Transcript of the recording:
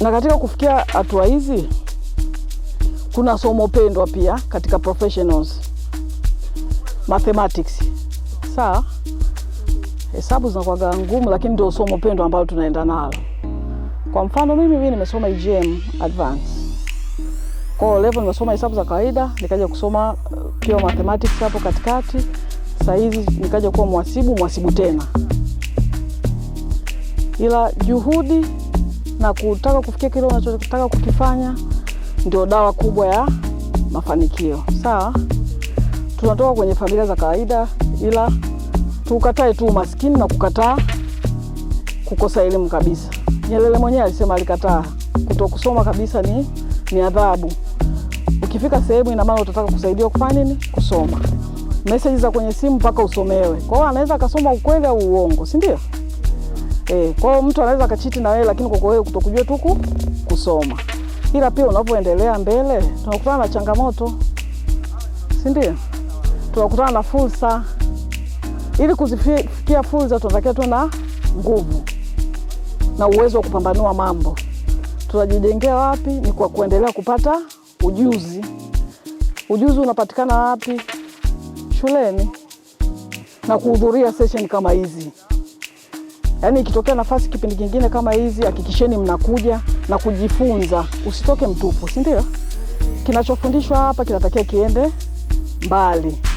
Na katika kufikia hatua hizi kuna somo pendwa pia katika professionals mathematics. Saa hesabu zinakwaga ngumu, lakini ndio somo pendwa ambalo tunaenda nalo. Kwa mfano mimi mimi nimesoma EGM advance kwa level, nimesoma hesabu za kawaida, nikaja kusoma uh, pia mathematics hapo katikati. Saa hizi nikaja kuwa mwasibu, mwasibu tena, ila juhudi na kutaka kufikia kile unachotaka kukifanya ndio dawa kubwa ya mafanikio. Sawa, tunatoka kwenye familia za kawaida, ila tukatae tu umaskini na kukataa kukosa elimu kabisa. Nyerere mwenyewe alisema, alikataa kutokusoma kabisa ni ni adhabu. Ukifika sehemu, ina maana utataka kusaidiwa kufanya nini? Kusoma. Meseji za kwenye simu mpaka usomewe. Kwa hiyo anaweza akasoma ukweli au uongo, si ndio? Eh, kwa hiyo mtu anaweza akachiti na wewe lakini kwa wewe kutokujua tu kusoma. Ila pia unapoendelea mbele tunakutana na changamoto. Si ndio? Tunakutana na fursa. Ili kuzifikia fursa tunatakiwa tu na nguvu na uwezo wa kupambanua mambo. Tunajijengea wapi? Ni kwa kuendelea kupata ujuzi. Ujuzi unapatikana wapi? Shuleni na kuhudhuria session kama hizi. Yaani ikitokea nafasi kipindi kingine kama hizi, hakikisheni mnakuja na kujifunza, usitoke mtupu, si ndio? Kinachofundishwa hapa kinatakiwa kiende mbali.